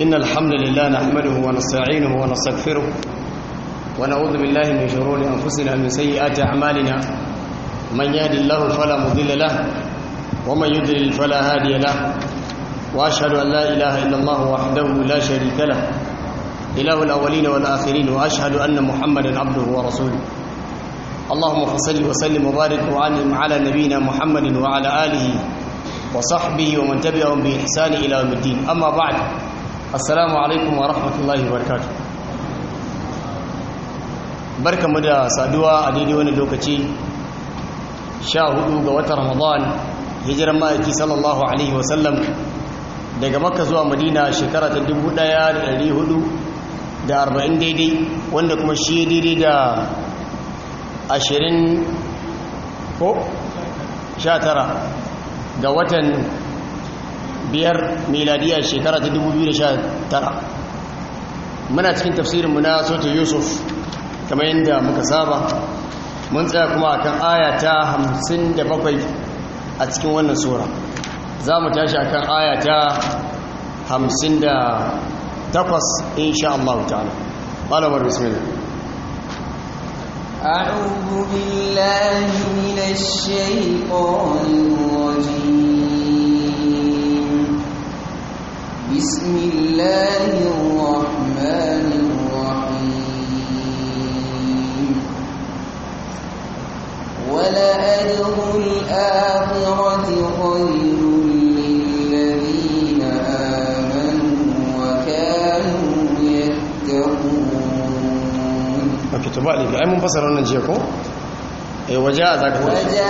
إن الحمد لله نحمده ونستعينه ونستغفره ونعوذ بالله من شرور أنفسنا من سيئات أعمالنا من يهد الله فلا مضل له ومن يضلل فلا هادي له وأشهد أن لا إله إلا الله وحده لا شريك له إله الأولين والآخرين وأشهد أن محمدا عبده ورسوله اللهم صل وسلم وبارك وعلم على نبينا محمد وعلى آله وصحبه ومن تبعهم بإحسان إلى يوم الدين أما بعد assalamu alaikum wa rahmatullahi barkatu barkamu da saduwa a daidai wani lokaci sha hudu ga watan ramadan hijiran ma'aiki sallallahu alaihi wasallam daga makka zuwa madina shekara ta dubu ɗaya da dari hudu da arba'in daidai wanda kuma shi daidai da ashirin ko sha tara ga watan biyar miladiyar shekara ta 2019 muna cikin tafsirinmu na sota yusuf kamar yadda muka saba mun tsaya kuma akan aya ta 57 a cikin wannan sura za mu tashi akan aya ta 58 insha Allah ta'ala malamar bismillah أعوذ بالله من الشيطان الرجيم بسم الله الرحمن الرحيم ولأجر الآخرة خير للذين آمنوا وكانوا يتقون أكتب علي أي منفصل أنا جيكم وجاء ذاك وجاء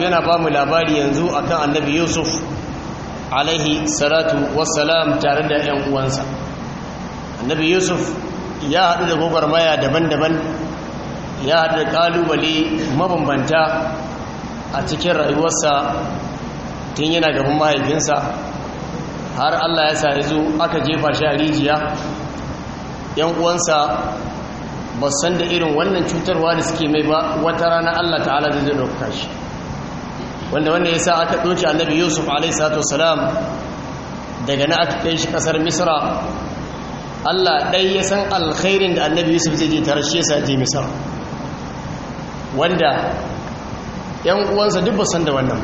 yana ba mu labari yanzu akan annabi yusuf alaihi salatu wassalam tare da 'yan uwansa annabi yusuf ya haɗu da gwagwarmaya daban-daban ya haɗu da ƙalubale mabambanta a cikin rayuwarsa tun yana gaban mahaifinsa har allah ya sa zo aka jefa shi a rijiya 'yan uwansa ba san da irin wannan cutarwa da suke mai ba wata rana Allah ta'ala zai zai shi wanda ya sa aka doce annabi yusuf alaihi daga na aka kai shi kasar misra Allah ɗai ya san alkhairin da annabi yusuf zai je tare shi sa je misra wanda yan uwansa duk ba san da wannan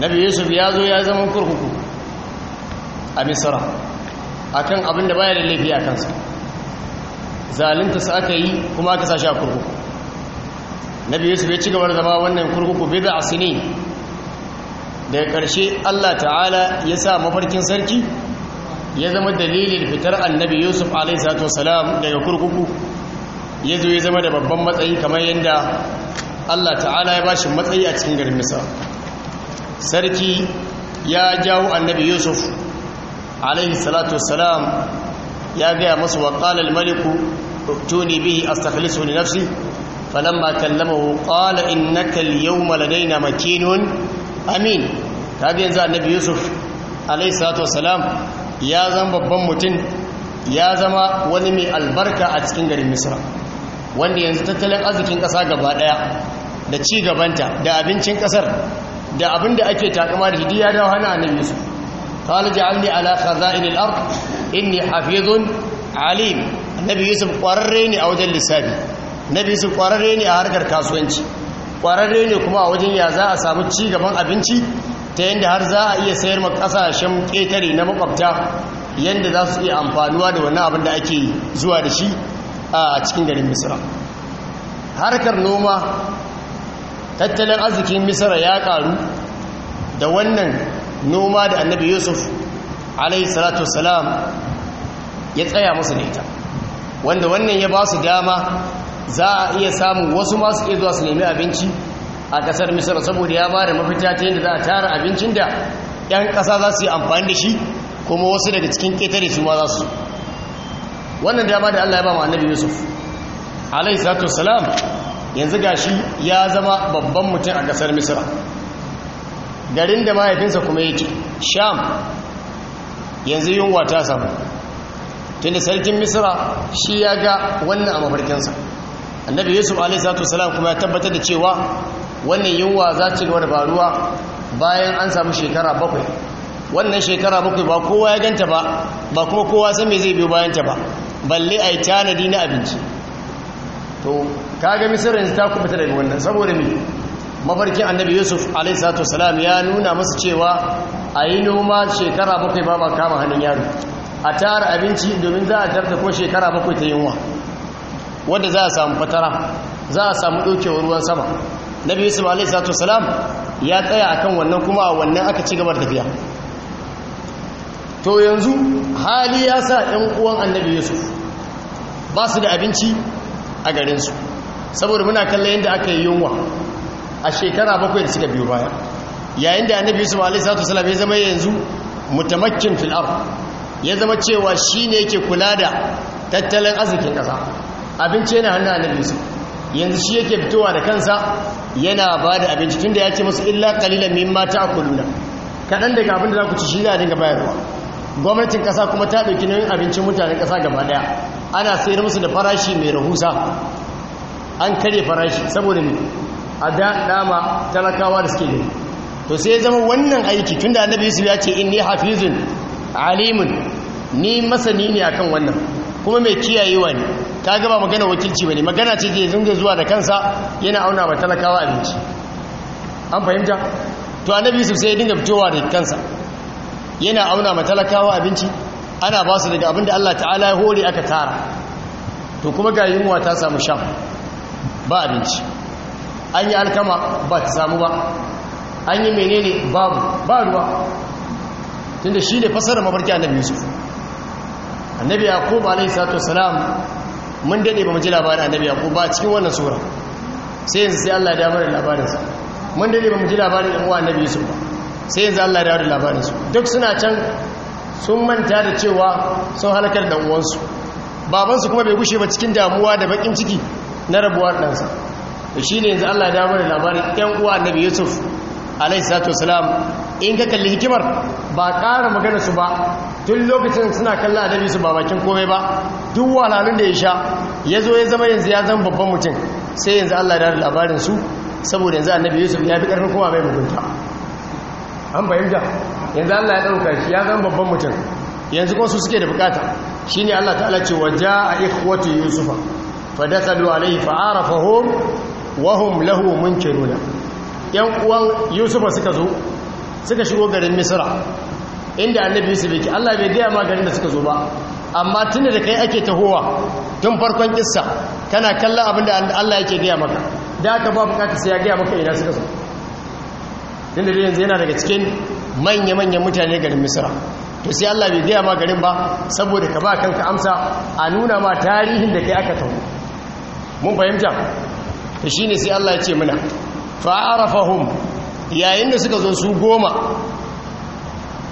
nabi yusuf ya zo ya zama kurkuku a misra akan abin da baya da laifi a kansa zalunta sa aka yi kuma aka sa shi a kurkuku nabi yusuf ya ci gaba da zama wannan kurkuku bid'a sini daga karshe Allah ta'ala ya sa mafarkin sarki ya zama dalilin fitar annabi yusuf alaihi daga kurkuku ya zo ya zama da babban matsayi kamar yadda Allah ta'ala ya bashi matsayi a cikin garin misal sarki ya jawo annabi yusuf alaihi ya gaya masu waƙalar maliku tuni bihi astakhlisu nafsi falamma kallamahu qala innaka al-yawma ladaina makinun amin kaga yanzu annabi yusuf alayhi salatu wasalam ya zama babban mutum ya zama wani mai albarka a cikin garin misra wanda yanzu tattalin arzikin ƙasa gaba ɗaya da ci gabanta da abincin ƙasar da abin da ake takama da hidiya da hana annabi yusuf qala ja'alni ala khaza'inil ard inni hafizun alim annabi yusuf ƙwararre ne a wajen lissafi na biyu su kwararre ne a harkar kasuwanci kwararre ne kuma a wajen ya za a samu ci gaban abinci ta yadda har za a iya sayar ma kasashen ƙetare na makwabta yadda za su iya amfanuwa da wani abin da ake zuwa da shi a cikin garin misira harkar noma tattalin arzikin misira ya karu da wannan noma da annabi yusuf alayhi salatu wasalam ya tsaya musu da ita wanda wannan ya ba su dama za a iya samu wasu masu iya zuwa su nemi abinci a kasar misira saboda ya ba da mafita ta yadda za a tara abincin da 'yan kasa za su yi amfani da shi kuma wasu daga cikin ƙetare su ma za su wannan dama da allah ya ba ma annabi yusuf alaihi salatu salam yanzu gashi ya zama babban mutum a kasar misira garin da mahaifinsa kuma yake sham yanzu yunwa ta samu tunda sarkin misira shi ya ga wannan a mafarkinsa annabi yusuf Salam kuma ya tabbatar da cewa wannan yunwa za ci gaba da faruwa bayan an samu shekara bakwai wannan shekara bakwai ba kowa ya ganta ba ba kuma kowa san me zai biyo bayanta ba balle a yi tanadi na abinci to kaga misir yanzu ta kubuta daga wannan saboda me mafarkin annabi yusuf Salam ya nuna musu cewa a yi noma shekara bakwai ba ba kama hannun yaro a tara abinci domin za a tarta ko shekara bakwai ta yunwa Wanda za a samu fatara za a samu ɗaukewar ruwan sama na biyu su ma'alai salatu salam ya tsaya akan wannan kuma a wannan aka ci gaba da tafiya to yanzu hali ya sa ɗan uwan annabi yusuf ba su da abinci a garinsu saboda muna kalla yadda aka yi yunwa a shekara bakwai da suka biyu baya yayin da annabi yusuf ma'alai salatu salam ya zama yanzu mutamakin fil'ar ya zama cewa shi ne yake kula da tattalin arzikin ƙasa abinci yana hannun annabi yusuf yanzu shi yake fitowa da kansa yana ba da abinci tunda ya ce musu illa qalilan mimma ta'kuluna kaɗan daga abin da za ku ci shi za a dinga bayarwa gwamnatin ƙasa kuma ta ɗauki nauyin abincin mutanen ƙasa gaba ɗaya ana sayar musu da farashi mai rahusa an karye farashi saboda ne a da dama talakawa da suke gani to sai ya zama wannan aiki tunda annabi yusuf ya ce in ni hafizun alimun ni masani ne akan wannan kuma mai kiyayewa ne ta gaba magana wakilci ne magana ce ke zunga zuwa da kansa yana auna ba talakawa abinci an fahimta to annabi yusuf sai ya dinga fitowa da kansa yana auna ma talakawa abinci ana ba su daga abinda Allah ta'ala ya hori aka tara to kuma ga yunwa ta samu sham ba abinci an yi alkama ba ta samu ba an yi menene babu ba ruwa tunda shi ne fasara mafarki annabi yusuf annabi ya koma alayhi salatu wasalam mun dade ba mu ji labarin annabi ko ba cikin wannan sura sai yanzu sai Allah ya dawo da labarin su mun dade ba mu ji labarin ɗan uwa annabi yusuf ba sai yanzu Allah ya dawo da labarin su duk suna can sun manta da cewa sun halakar da uwansu babansu kuma bai gushe ba cikin damuwa da bakin ciki na rabuwar ɗansa shi ne yanzu allah da labarin ɗan uwa annabi yusuf alaihi salatu wasalam in ka kalli hikimar ba ƙara magana su ba tun lokacin suna kallon annabi su ba bakin komai ba duk walalun da ya sha ya zo ya zama yanzu ya zama babban mutum sai yanzu Allah ya da labarin su saboda yanzu annabi Yusuf ya fi ƙarfin kuma mai mugunta an fahimta yanzu Allah ya ɗauka shi ya zama babban mutum yanzu kuma su suke da bukata shine Allah ta'ala ce wa a ikhwatu yusufa fa dakalu alayhi fa arafahum wa hum lahu munkiruna yan uwan yusufa suka zo suka shigo garin Misira inda annabi yusuf yake allah bai gaya ma garin da suka zo ba amma tunda da kai ake tahowa tun farkon kissa kana kallon abin da allah yake gaya maka da aka ba bukata sai ya gaya maka ina suka zo tunda da yanzu yana daga cikin manya-manyan mutane garin Misira to sai allah bai gaya ma garin ba saboda ka ba ka amsa a nuna ma tarihin da kai aka taho mun fahimta to shine sai allah ya ce mana fa’arafahun yayin da suka zo su goma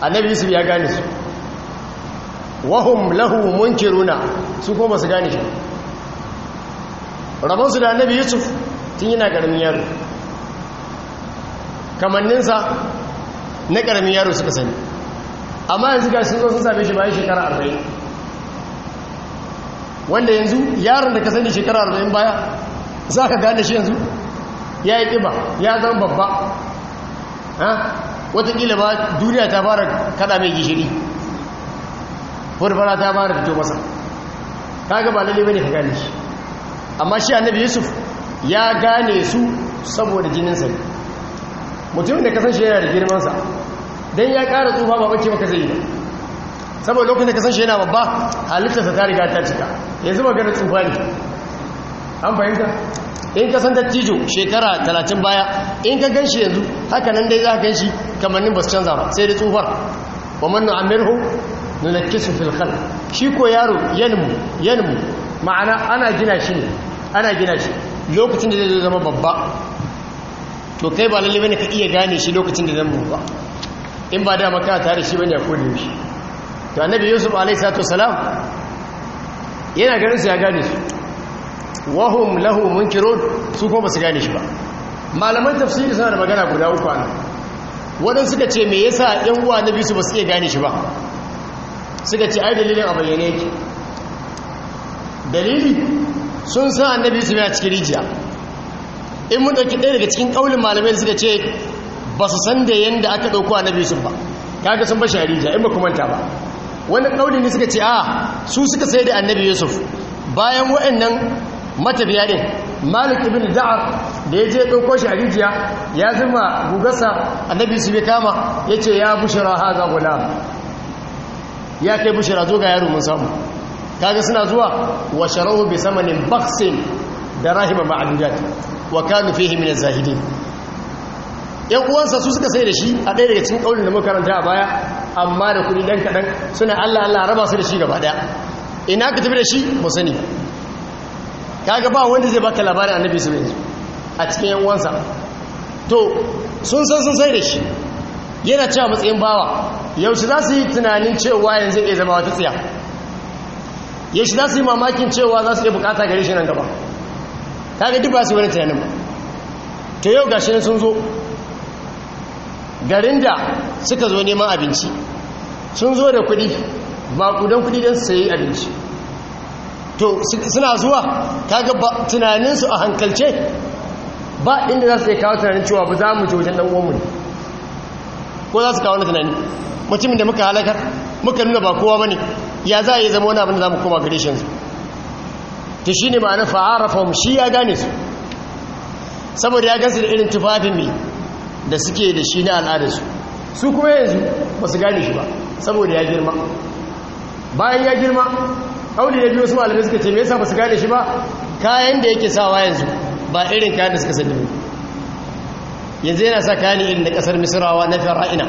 annabi yusuf ya gane su wahum lahu munkiruna su goma su gane shi rabonsu da annabi yusuf tun yana ƙaramin yaro kamanninsa na ƙaramin yaro suka sani amma yanzu ga sun zo sun same shi bayan shekara arba'in wanda yanzu yaron da ka sani shekara arba'in baya za ka gane shi yanzu ya yi ƙiba ya zama babba watakila ba duniya ta fara kada mai gishiri furfara ta fara fito masa ta gaba lalle bane ka gane shi amma shi annabi yusuf ya gane su saboda jininsa ne mutum da kasance shi yana da girmansa don ya ƙara tsufa ba bace maka zai ba saboda lokacin da kasan shi yana babba halittarsa ta riga ta cika yanzu magana tsufa ne an fahimta in ka san dattijo shekara 30 baya in ka ganshi yanzu haka nan dai za ka ganshi kamannin ba su canza ba sai dai tsufar wa man nu'amirhu nunakisu fil khalq shi ko yaro yanmu yanmu ma'ana ana gina shi ne ana gina shi lokacin da zai zama babba to kai ba lalle bane ka iya gane shi lokacin da zan babba in ba da maka tare shi bane a kodin shi to annabi yusuf alaihi salatu wasalam yana ganin su ya gane su wahum lahu munkirun su kuma su gane shi ba malaman tafsiri suna da magana guda uku ana wadanda suka ce me yasa yan uwa na bisu ba su iya gane shi ba suka ce ai dalilin a bayyane yake dalili sun san annabi su ya cikin rijiya in mun dauki ɗaya daga cikin ƙaunin malamai suka ce ba su san da yadda aka ɗauko annabi su ba kaga sun bashi a rijiya in ba kuma manta ba wani ƙaunin ne suka ce a su suka sai da annabi yusuf bayan waɗannan matafiya ne malik ibn da'ar da ya je ɗauko shi a rijiya ya zuma gugarsa annabi su bai kama ya ce ya bushira haza gulam ya kai bushira zo ga yaro mun samu kaga suna zuwa wa sharahu bi samanin baksin da rahima ma'adudat wa kanu fihi min az-zahidin ya uwansa su suka sai da shi a ɗaya daga cikin ƙaunin da muka karanta a baya amma da kuɗi ɗan kaɗan suna allah allah raba su da shi gaba ɗaya ina ka tafi da shi musani sani kaga ba wanda zai baka labarin annabi su yanzu a cikin yan uwansa to sun san sun sai da shi yana cewa matsayin bawa yaushe za su yi tunanin cewa yanzu ya zama wata tsiya yaushe za su yi mamakin cewa za su iya bukata gare shi nan gaba kaga duk ba su wani tunanin ba to yau gashi sun zo garin da suka zo neman abinci sun zo da kuɗi ba kudan kuɗi don sayi abinci to suna zuwa kaga tunaninsu a hankalce ba inda za su iya kawo tunanin cewa ba za mu je wajen ɗan'uwanmu ne ko za su kawo wani tunani mutumin da muka halakar muka nuna ba kowa ba ne ya za a yi zama wani abin da za mu koma gare shi yanzu ta shi ne ma'ana fa'arafahum shi ya gane su saboda ya gansu da irin tufafin mai da suke da shi na al'adarsu su kuma yanzu ba su gane shi ba saboda ya girma bayan ya girma kauli ya biyo su malamai suka ce me yasa ba su gane shi ba kayan da yake sawa yanzu ba irin kayan da suka sani yanzu yana sa kayan irin na kasar misrawa na fir'aina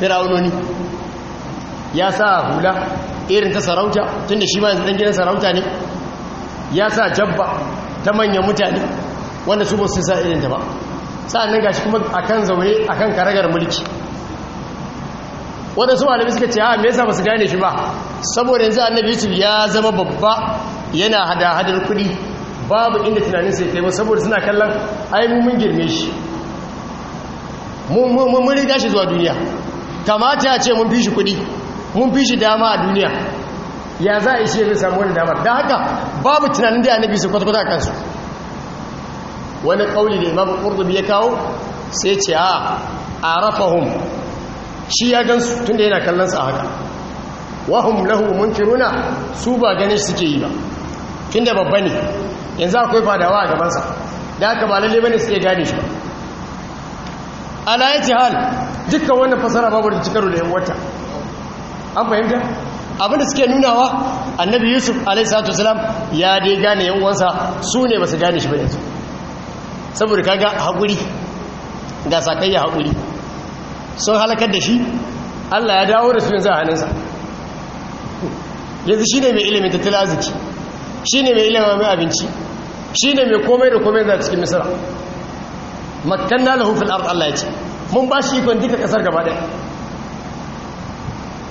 fir'aunoni ya sa hula irin ta sarauta tun da shi ma yanzu dan gidan sarauta ne ya sa jabba ta manyan mutane wanda su ba su sa irin ta ba sa'annan gashi kuma kan zaune kan karagar mulki su malami suka ce ha ah, me yasa ba su gane shi ba saboda yanzu annabi yusuf ya zama babba yana hada-hadar kudi babu inda tunanin sai kai saboda suna kallon ai mun girme shi mun riga shi zuwa duniya kamata ya ce mun fi shi kudi mun fi shi dama a duniya ya za a ishe zai samu wani damar da haka babu tunanin da annabi su kwata-kwata kansu wani kauli da imamu ƙurdubi ya kawo sai ce a arafahun shi ya gansu tun da yana kallon a haka wahum lahu munkiruna su ba ganin suke yi ba tunda babba ne yanzu akwai fadawa a gabansa da aka ba lalle bane suke gane shi ba ala ce hal dukkan wannan fasara babu da cikaru da yan wata an fahimta abinda suke nunawa annabi yusuf salatu wasalam ya dai gane yan uwansa su ne basu gane shi ba yanzu saboda kaga haƙuri ga sakayya hakuri sun halakar da shi Allah ya dawo da su yanzu a hannunsa yanzu shi ne mai ilimin tattalin arziki shi ne mai ilimin abinci shi ne mai komai da komai da cikin misira makanna lahu fil arz Allah ya ce mun ba shi ikon duka kasar gaba ɗaya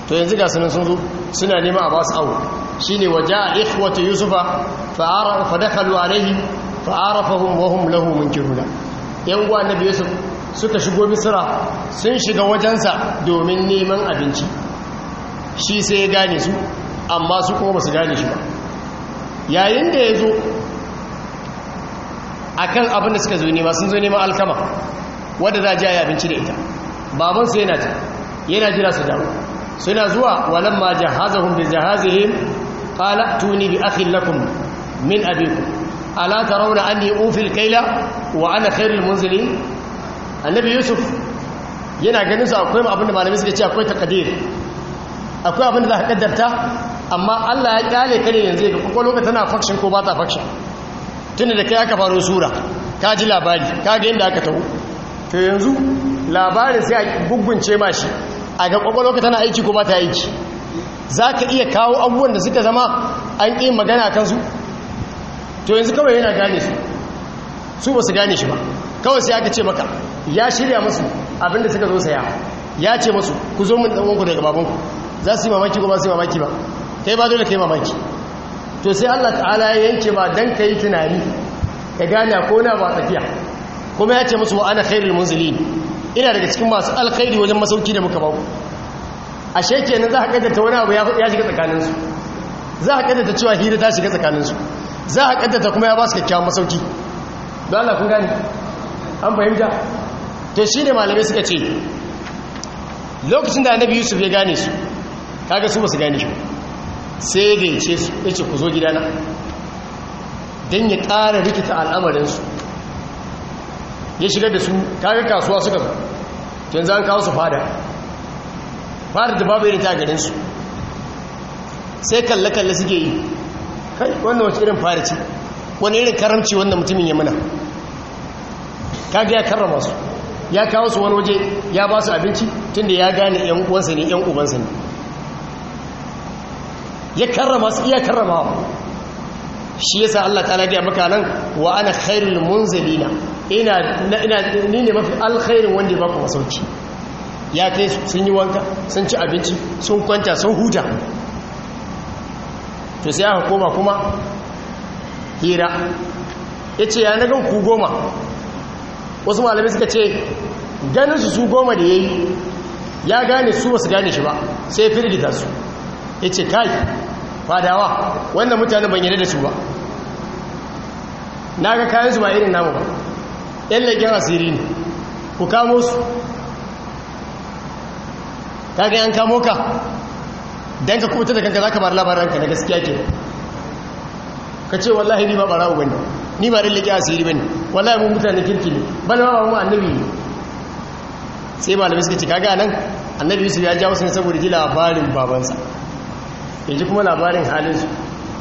to yanzu ga sunan sun zo suna nema a ba su awo shi ne waje a wata yusufa fa a rahi fa arafahum wa hum lahu munkiruna yan uwa na yusuf suka shigo misira sun shiga wajensa domin neman abinci shi sai ya gane su amma su kuma ba su gane shi ba yayin da ya zo a kan abin da suka zo nema sun zo nema alkama wadda za a jaya abinci da ita babansu yana ta yana jira su dawo suna zuwa walan ma hun bi jahazihim kala tuni bi akhin lakum min abikum ala tarawna anni ufil kaila wa ana khairul munzili annabi yusuf yana ganin su akwai abin da malamai suka ce akwai takadir akwai abin da za ka kaddarta amma Allah ya kyale ka ne yanzu ga kwakwalwa tana fakshin ko ba ta fakshin tunda da kai aka faro sura ka ji labari ka ga yadda aka taho to yanzu labarin sai a gugunce ma shi a ga kwakwalwa tana aiki ko ba ta aiki za ka iya kawo abubuwan da suka zama an ƙi magana kansu to yanzu kawai yana gane su su ba su gane shi ba kawai sai aka ce maka ya shirya musu abinda suka zo saya ya ce musu ku zo min ɗan uwanku daga babanku za su yi mamaki ko ba su yi mamaki ba kai ba dole kai mamaki to sai Allah ta'ala ya yanke ba dan kai tunani ka gane ko na ba tafiya kuma ya ce musu wa ana khairul munzilin ina daga cikin masu alkhairi wajen masauki da muka bawo ashe kenan za ka kaddata wani abu ya shiga tsakanin su za ka kaddata cewa hira ta shiga tsakanin su za ka kaddata kuma ya ba su kyakkyawan masauki don Allah kun gane an fahimta to shine malamai suka ce lokacin da annabi Yusuf ya gane su kaga su ba su gane shi ba sai da ce su ce ku zo gidana don ya ƙara rikita al'amarinsu ya shigar da su kaga kasuwa suka can za kawo su fada fada da babu irin tagarinsu sai kalle-kalle suke yi kai wannan wacce irin fara ce wani irin karamci wannan mutumin ya muna kaga ya karrama su ya kawo su wani waje ya ba su abinci tun da ya gane 'yan uwansa ne 'yan ubansa ne ya karrama su iya karramawa shi yasa Allah ta'ala ya maka nan wa ana khairul munzilina ina ina ni ne mafi alkhairin wanda ya baka masauki ya kai sun yi wanka sun ci abinci sun kwanta sun huta to sai aka koma kuma hira yace ya nagan ku goma wasu malamai suka ce ganin su su goma da yayi ya gane su ba gane shi ba sai firgita su yace kai fadawa wannan mutane ban yarda da su ba na ga kayan su ba irin namu ba yan leken asiri ne ku kamo su ga yan kamo ka don ka kuta da kanka za ka bar labaranka na gaskiya ke ka ce wallahi ni ba barawo ne ni ba rillake asiri ba ne wallahi mun mutane kirki ne bal ma mu annabi ne sai malamai suka ce kaga nan annabi su ya jawo sun saboda a farin babansa yanzu kuma labarin halinsu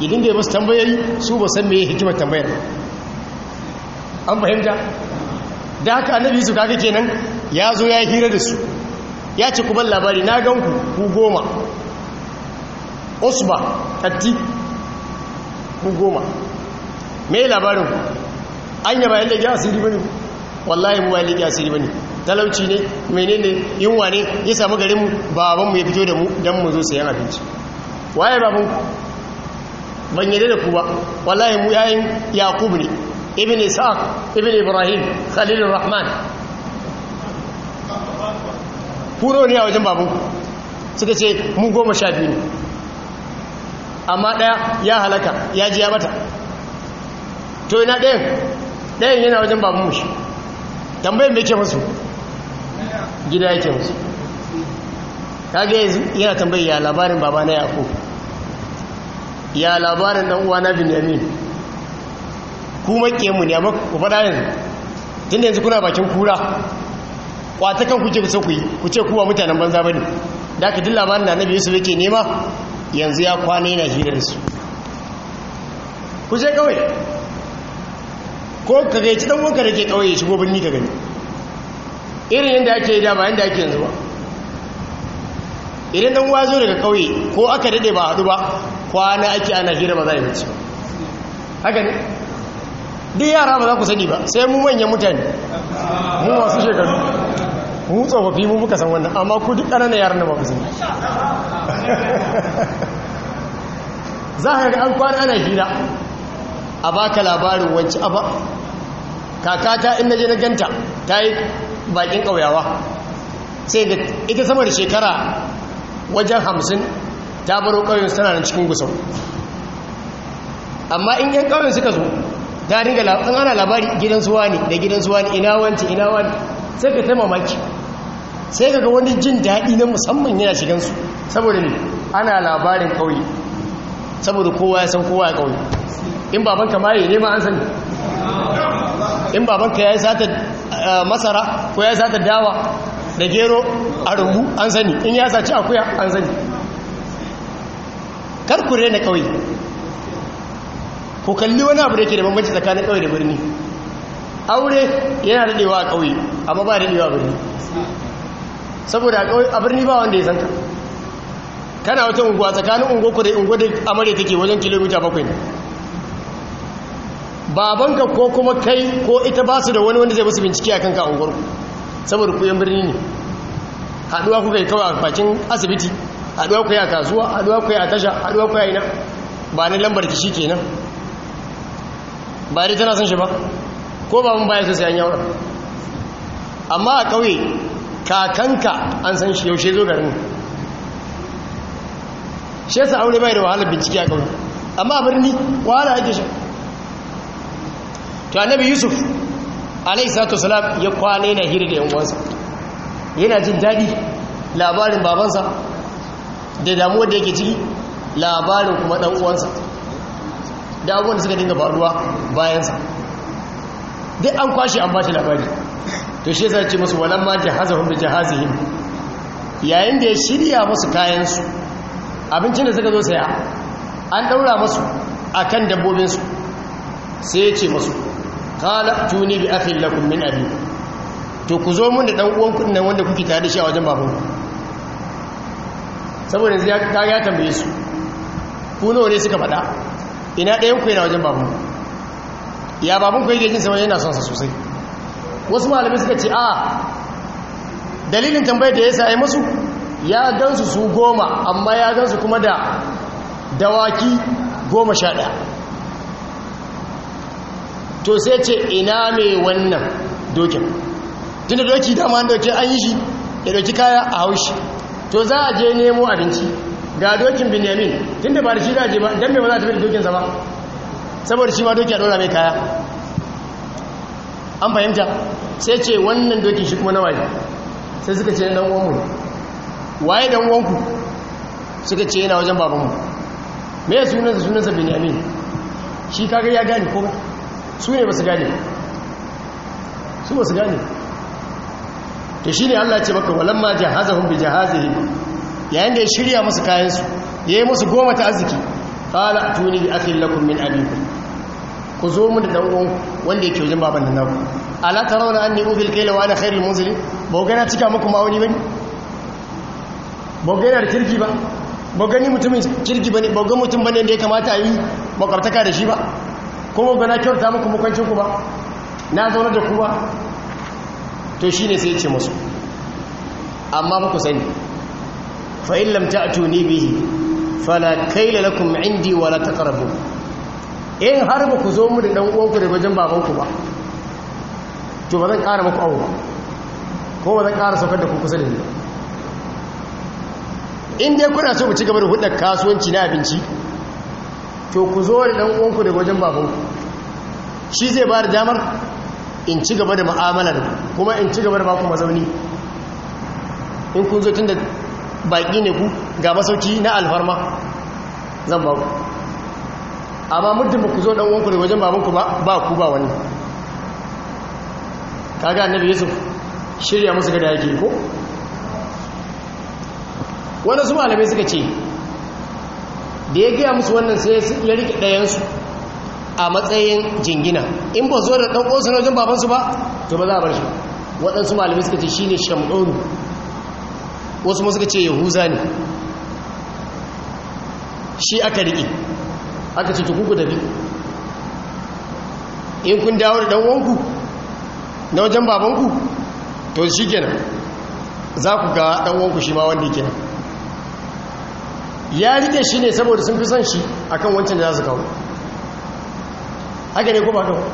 ya dinga yi musu tambayoyi su ba san mai hikimar tambayar an fahimta da haka annabi su kaga kenan ya zo ya hira da su ya ci kuban labari na gan ku ku goma usba tatti ku goma me labarin ku an yaba yadda ya asiri bane wallahi mu ba ya asiri bane talauci ne menene yunwa ne ya samu garin mu baban mu ya fito da mu dan mu zo sayan abinci waye ku? ban yi da ku ba wallahi mu yayin yaqub ne ibn isaq ibn ibrahim khalil rahman kuro ne a wajen ku? suka ce mu goma sha biyu ne amma ɗaya ya halaka ya ji ya bata to ina ɗayan ɗayan yana wajen mu shi tambayin me ke musu gida yake musu kage yana tambayi ya labarin baba na yaqub ya labarin dan uwa na binyamin ku ke mu ne amma ku faɗa yanzu tun da yanzu kuna bakin kura kwata kan kuke kusa ku yi ku ce kuwa mutanen banza ba ne da aka duk labarin da annabi yusuf yake nema yanzu ya kwana yana hira da su ku je kawai ko ka gaici dan wanka da ke kawai ya shigo birni ka gani irin yadda ake yi dama yadda ake yanzu ba idan dan uwa zo daga kauye ko aka dade ba hadu ba kwana ake ana hira ba za a bace haka ne duk yara ba za ku sani ba sai mu manyan mutane mu masu shekaru mu tsofaffi mu muka san wannan amma ku duk ƙananan yaran da ba ku sani za ka ga an kwana ana hira a baka labarin wancan aba kakata in naje na ganta ta yi bakin ƙauyawa sai da ita sama da shekara wajen hamsin ta baro ƙauyen tana nan cikin gusau amma in yan ƙauyen suka zo ta ringa an ana labari gidan suwa ne da gidan suwa ne ina wanci ina wani sai ka tama maki sai ka ga wani jin daɗi na musamman yana shigansu saboda ne ana labarin ƙauye saboda kowa ya san kowa ya ƙauye in babanka maye ne ma an sani in babanka ya yi sata eh, masara ko ya yi sata dawa da gero a rubu an sani in ya saci akuya an sani karkure na kauye ku kalli wani abu da yake da bambanci tsakanin kauye da birni aure yana daɗewa a kauye amma ba daɗewa a birni saboda a birni ba wanda ya san kana wata unguwa tsakanin unguwa kudai da unguwa da amare take wajen kilomita bakwai ne babanka ko kuma kai ko ita ba su da wani wanda zai basu bincike a kanka a unguwarku saboda ku yan birni ne haduwa kuka yi kawai a bakin asibiti haduwa ku yi a kasuwa haduwa ku yi a tasha haduwa ku yi na ba ni lambar ki shi kenan ba dai tana son shi ba ko ba mun baya su sayan yawon amma a kawai kakanka an san shi yaushe zo garin shi yasa aure bai da wahalar bincike a kawai amma a birni wahala ake shi to annabi yusuf alaihi salatu wasalam ya kwana yana hira da yan uwansa yana jin daɗi labarin babansa da damuwar da yake ciki labarin kuma dan uwansa da abubuwan da suka dinga faruwa bayansa dai an kwashe an bashi labari to shi yasa ce musu walan ma jahazahum bi jahazihim yayin da ya shirya musu kayansu abincin da suka zo saya an daura musu akan dabbobinsu sai ya ce masu. qala tuni bi akhin lakum min abi to ku zo mun da dan uwan ku nan wanda kuke tare da shi a wajen baban saboda yanzu ta ya tambaye su ku nawa ne suka faɗa ina ɗayan ku yana wajen baban ya baban ku yake jin sai yana son sa sosai wasu malamai suka ce a dalilin tambayar da yasa ai musu ya gansu su goma amma ya gansu kuma da dawaki goma sha daya to sai ce ina mai wannan dokin tunda doki dama doki an yi shi ya doki kaya a haushi to za a je nemo abinci ga dokin tun tunda ba da shi za a je ba don mai ba za a tafi da dokinsa ba saboda shi ma doki a ɗora mai kaya an fahimta sai ce wannan dokin shi kuma na waje sai suka ce dan uwanmu waye dan uwanku suka ce yana wajen babanmu me sunansa sunansa benjamin shi kaga ya gane ko su ne ba su gane su ba su gane to shi ne allah ce maka walamma hun bi jahazihim yayin da ya shirya musu kayansu ya yi musu goma ta arziki a tuni bi afin lakum min abikum ku zo mu da ɗan'uwan wanda yake wajen baban da naku ala rauna an nemo bil kaila wa ana khairul munzili ba gana cika muku ma'auni bane ba gana da kirki ba ba gani mutumin kirki bane ba ga mutum bane da ya kamata a yi makwabtaka da shi ba kuma ba kyauta muku mukancin ku ba na zaune da ku ba to shine sai ya ce musu amma ba ku sani fa in lam ta'tuni bihi fala kayla lakum indi wala taqrabu in har ba ku zo mu da dan uwanku da wajen babanku ba to ba zan kara muku awu ba ko ba zan kara saukar da ku kusa da ni in dai kuna so ku ci gaba da hudar kasuwanci na abinci to ku zo da dan uwanku da wajen babanku shi zai ba da damar in ci gaba da ma'amalar kuma in ci gaba da baku mazauni in kun zo tun da baƙi ne ku ga masauki na alfarma zan ba ku amma muddin ba ku zo ɗan wanku da wajen babanku ba ku ba wani kaga annabi yusuf shirya musu gada yake ko wani su malamai suka ce da ya gaya musu wannan sai ya rike ɗayansu a matsayin jingina in ba zo da ɗauko suna wajen babansu ba to ba za a bar shi waɗansu malamai suka ce shi ne shamun wasu ma suka ce yahuza ne shi aka riƙe aka ce tukuku da bi in kun dawo da ɗan'uwanku na wajen babanku to shi kenan za ku ga ɗan'uwanku shi ma wanda kenan ya riƙe shi ne saboda sun fi son shi akan wancan da za su kawo haka ne kuma kawai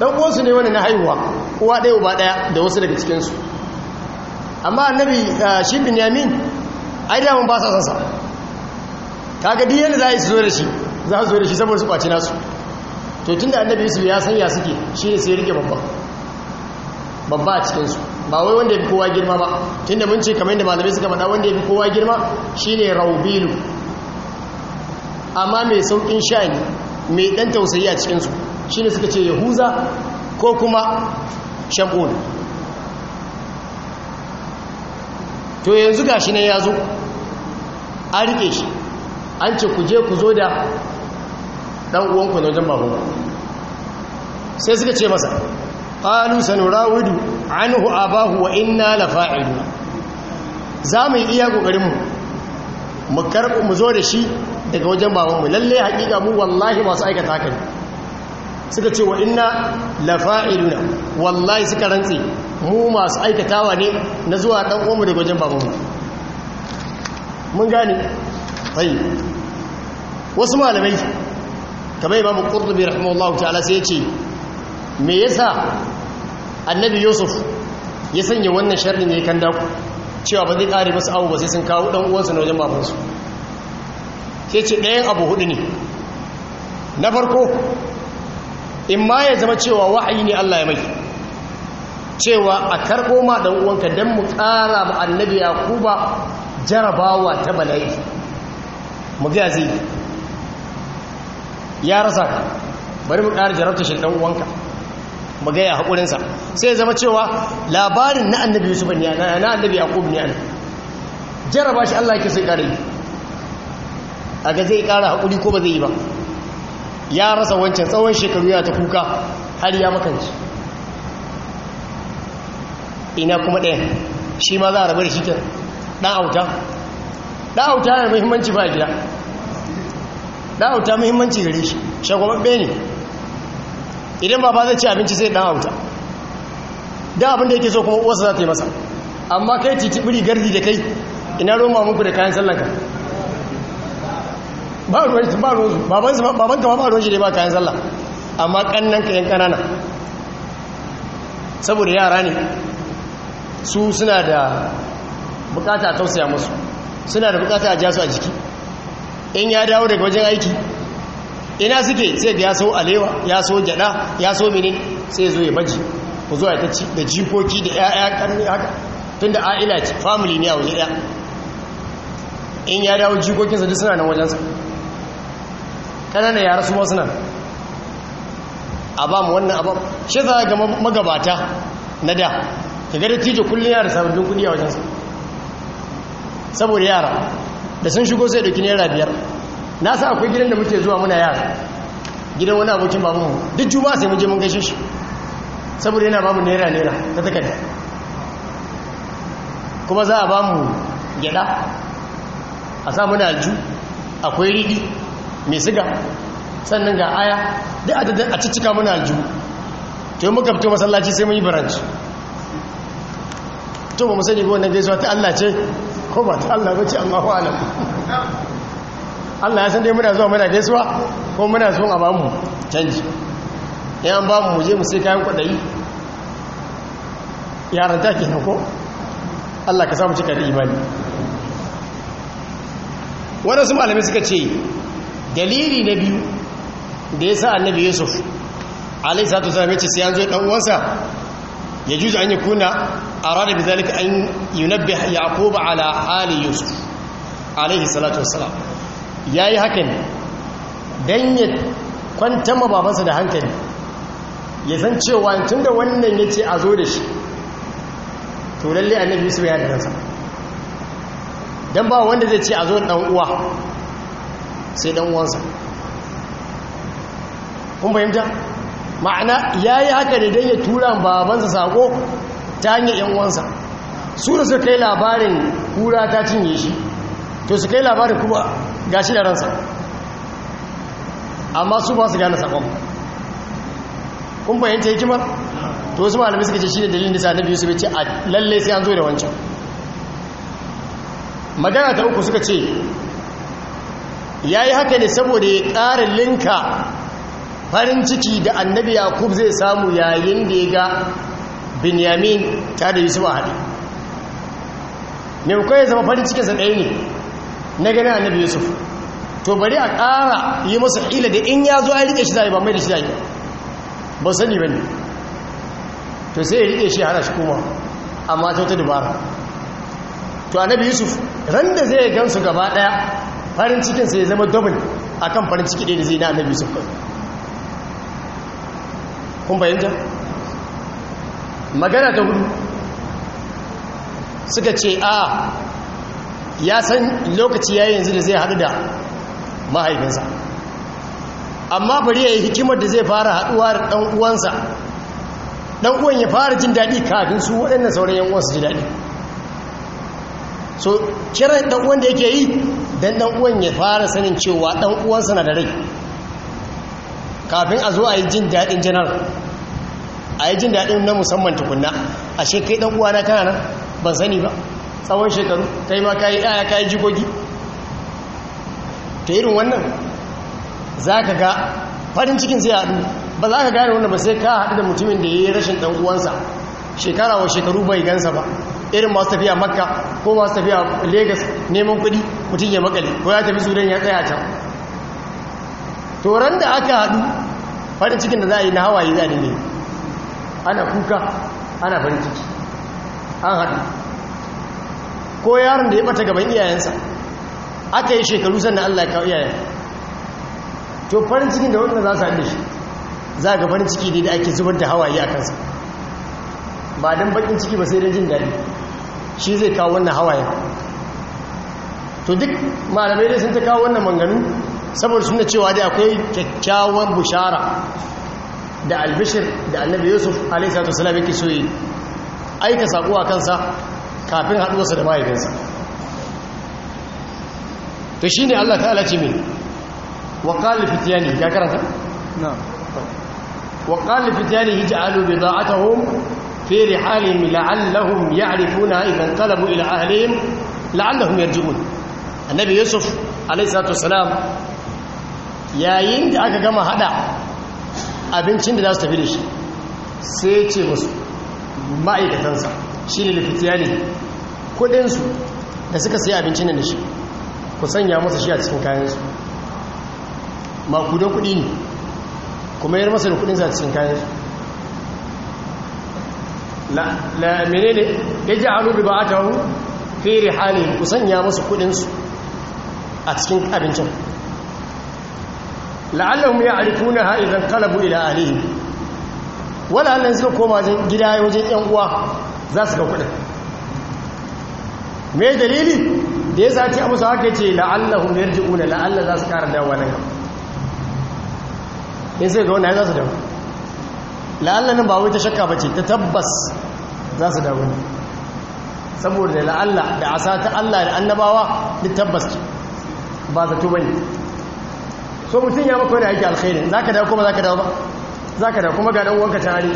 ɗan uwansu ne wani na haihuwa uwa ɗaya uba ɗaya da wasu daga cikinsu amma annabi shi binyamin ai daman ba sa sansa kaga ga yadda za a yi su zo da shi za su zo da shi saboda su kwaci nasu to tun da annabi su ya sanya suke shi ne sai rike babba babba a cikinsu ba wai wanda ya fi kowa girma ba tun da mun ce kamar yadda malamai suka faɗa wanda ya fi kowa girma shi ne raubilu amma mai sauƙin ne. mai ɗan tausayi a cikinsu shi ne suka ce yahuza ko kuma shamun to yanzu ga shi nan ya zo an rike shi an ce ku je ku zo da ɗan uwanku na wajen babu sai suka ce masa ƙalu sanurawidu anuhu abahu wa inna la fa'ilu za mu yi iya ƙoƙarinmu mu zo da shi daga wajen babanmu lalle hakika mu wallahi masu aikata kai suka ce wa inna lafa'iluna wallahi suka rantse mu masu aikatawa ne na zuwa dan uwanmu daga wajen babanmu mun gane tayi wasu malamai kamar imamu qurtubi rahimahullahu ta'ala sai ya me yasa annabi yusuf ya sanya wannan sharri ne kan daku cewa ba zai kare masu abu ba sai sun kawo dan uwansu na wajen babansu sai ce ɗayan abu hudu ne na farko in ma ya zama cewa wa'ayi ne Allah ya mai cewa a karɓo ma ɗan uwanka don mu ƙara ma annabi ya ba jarabawa ta bala'i mu ga zai ya rasa ka bari mu ƙara jarabta shi ɗan uwanka mu ga ya haƙurinsa sai ya zama cewa labarin na annabi yusuf ne na annabi ku ne jaraba shi Allah ke sai ƙare a ga zai ƙara haƙuri ko ba zai yi ba ya rasa wancan tsawon shekaru ya ta kuka har ya makanci ina kuma ɗaya shi ma za a rabu da shi ke ɗa'auta ɗa'auta yana muhimmanci ba gida ɗa'auta muhimmanci gare shi shagwamabbe ne idan ba ba zai ci abinci sai ɗa'auta da abin da yake so kuma uwarsa za ta yi masa amma kai titi biri gardi da kai ina roma muku da kayan sallanka ba ruwan shi ba baban su ba ruwan shi ne ba kayan sallah amma kannan ka yan kanana saboda yara ne su suna da bukata a tausaya musu suna da bukata a jasu a jiki in ya dawo daga wajen aiki ina suke sai ga ya so alewa ya so gyada ya so mini sai zo ya baji ku zo ta da jikoki da ya'ya karni haka tun da a'ila ce family ne a wajen ya in ya dawo jikokinsa duk suna nan wajensa kanana yara su wasu nan a wannan abamu shi za ga magabata na da ka gada dattijo kullum yara da sababbin kudi a wajensa saboda yara da sun shigo sai dauki naira biyar na sa akwai gidan da muke zuwa muna yara gidan wani abokin babanmu duk juma sai muje je mun gaishe shi saboda yana bamu naira naira ta takarda kuma za a bamu gyada a sa muna alju akwai riɗi mai siga sannan ga aya da adadin a cicika muna aljihu to yi muka fito masallaci sai mun yi baranci to ba mu sani wannan gaisuwa ta Allah ce ko ba ta Allah bace amma mawa alam Allah ya san dai muna zuwa muna gaisuwa ko muna zuwa a bamu canji ya an bamu mu je mu sai kayan kwadayi yaran ta ke ko Allah ka samu cika da imani wadansu malamai suka ce dalili na biyu da ya sa annabi yusuf alaihi salatu wasallam ya ce sai an zo ɗan uwansa ya juji an kuna, rada arada bizalika an yunabbih yaqub ala hali yusuf alaihi salatu ya yi hakan dan ya kwanta ma babansa da hankali ya san cewa da wannan ya ce a zo da shi to lalle annabi yusuf ya da kansa dan ba wanda zai ce a zo ɗan uwa sai dan uwansa kun fahimta ma'ana ya yi haka da dai ya tura babansa sako ta hanyar yan uwansa su da suka kai labarin kura ta cinye shi to su kai labarin kuma gashi da ransa amma su ba su gane sakon kun fahimta ma to su malami suka ce shi ne dalilin da sa na biyu su bai ce a lallai sai an zo da wancan magana ta uku suka ce ya yi haka ne saboda ya ƙara linka farin ciki da annabi yakub zai samu yayin da ya ga binyamin tare da yusuf a haɗe ne kuka ya zama farin cikinsa ɗaya ne na ganin annabi yusuf to bari a ƙara yi masa ila da in ya zo a riƙe shi zai ba mai da shi zai ba sani ba ne to sai ya riƙe shi hana shi kuma amma ta wata dubara to annabi yusuf ran da zai gansu gaba ɗaya farin cikin sai ya zama a kan farin ciki ɗaya da zai na annabi yusuf kun bayanta? magana ta hudu suka ce a ya san lokaci ya yanzu da zai haɗu da mahaifinsa amma bari ya yi hikimar da zai fara haɗuwa da ɗan'uwansa ɗan'uwan ya fara jin daɗi kafin su waɗannan sauran yan'uwansu ji daɗi so kiran ɗan'uwan da yake yi don dan uwan ya fara sanin cewa dan na da rai kafin a zo a yi jin daɗin janar a yi jin daɗin na musamman tukunna ashe kai dan na kana nan ban sani ba tsawon shekaru kai ma yi ɗaya jikoki ta irin wannan za ka ga farin cikin zai haɗu ba za ka gane wannan ba sai ka haɗu da mutumin da ya yi rashin ɗan'uwansa shekara wa shekaru bai gansa ba irin masu tafiya makka ko masu tafiya Legas neman kudi mutum ya makale ko ya tafi sudan ya tsaya can toron da aka haɗu farin cikin da za a yi na hawaye za a dinga ana kuka ana farin ciki an haɗu ko yaron da ya ɓata gaban iyayensa aka yi shekaru sannan allah ya kawo iyayen to farin cikin da wadanda za su haɗe shi za ga farin ciki ne da ake zubar da hawaye a kansa ba don bakin ciki ba sai don jin daɗi shi zai kawo wannan hawayen to duk malamai da sun ta kawo wannan manganu saboda suna cewa dai akwai kyakkyawan bushara da albishir da annabi yusuf alaihissalatu wasalam yake so yi aika sako a kansa kafin haduwarsa da mahaifinsa to ne Allah ta'ala ce min wa qala fityani ya karanta na'am wa za a ta bida'atuhum في رحالهم لعلهم يعرفونها إذا انقلبوا إلى أهلهم لعلهم يرجعون النبي يوسف عليه الصلاة والسلام yayin da aka gama hada abincin da za su tafi da shi sai ce musu ma'aikatansa shi ne lifitiyani kudinsu da suka sayi abincin da shi ku sanya masa shi a cikin kayansu makudan kudi ne kuma yar masa da kudinsa a cikin kayansu na menene ya ji alubi ba a taru fere hali ku sanya musu kudinsu a cikin abincin la'allahum ya arifuna ha idan kalabu ila alihi wala hannun suka koma gida wajen yan uwa za su ga kudin me dalili da ya sace a musu haka ce la'allahum yarji'una la'alla za su kara dawowa nan in sai ga wannan za su dawo la'alla nan ba wai ta shakka bace ta tabbas za su dawo ne saboda la'alla da asa ta Allah da annabawa da tabbas ba ba zato bane so mutum ya maka da aiki alkhairi za ka dawo kuma za ka dawo ba za ka dawo kuma ga ɗan uwanka ta hari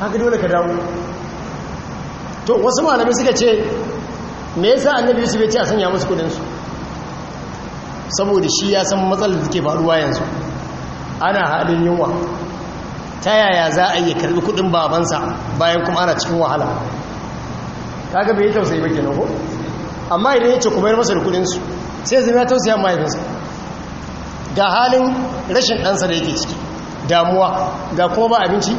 haka dole ka dawo to wasu malami suka ce me yasa annabi yusuf ya ce a sanya musu kudinsu saboda shi ya san matsalar da ke faruwa yanzu ana haɗin yunwa ta yaya za a yi karbi kudin babansa bayan kuma ana cikin wahala kaga bai tausayi ba kenan ko amma idan ya ce kuma yar masa da kudin su sai zai ya tausaya mahaifinsa ga halin rashin ɗansa da yake ciki damuwa ga kuma ba abinci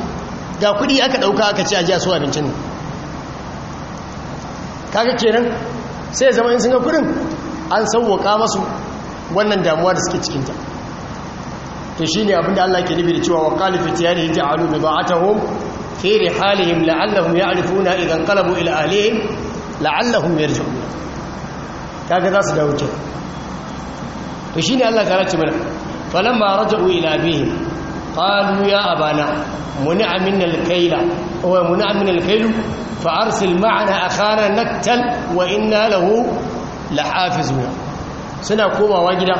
ga kudi aka ɗauka aka ci a su a abincin kaga kenan sai zama in sun ga kudin an sauwaka masu wannan damuwa da suke cikinta to shine abinda Allah ke nufi da cewa wa qalu fitiyani ja'alu bida'atahum fi rihalihim la'allahum ya'rifuna idan qalabu ila ahlihim la'allahum yarji'un kaga za su dawo ke to shine Allah ta race mana falamma raja'u ila abihim qalu ya abana mun'a minna al-kayla wa mun'a minna al-kaylu fa arsil ma'ana akhana naktal wa inna lahu lahafizun suna komawa gida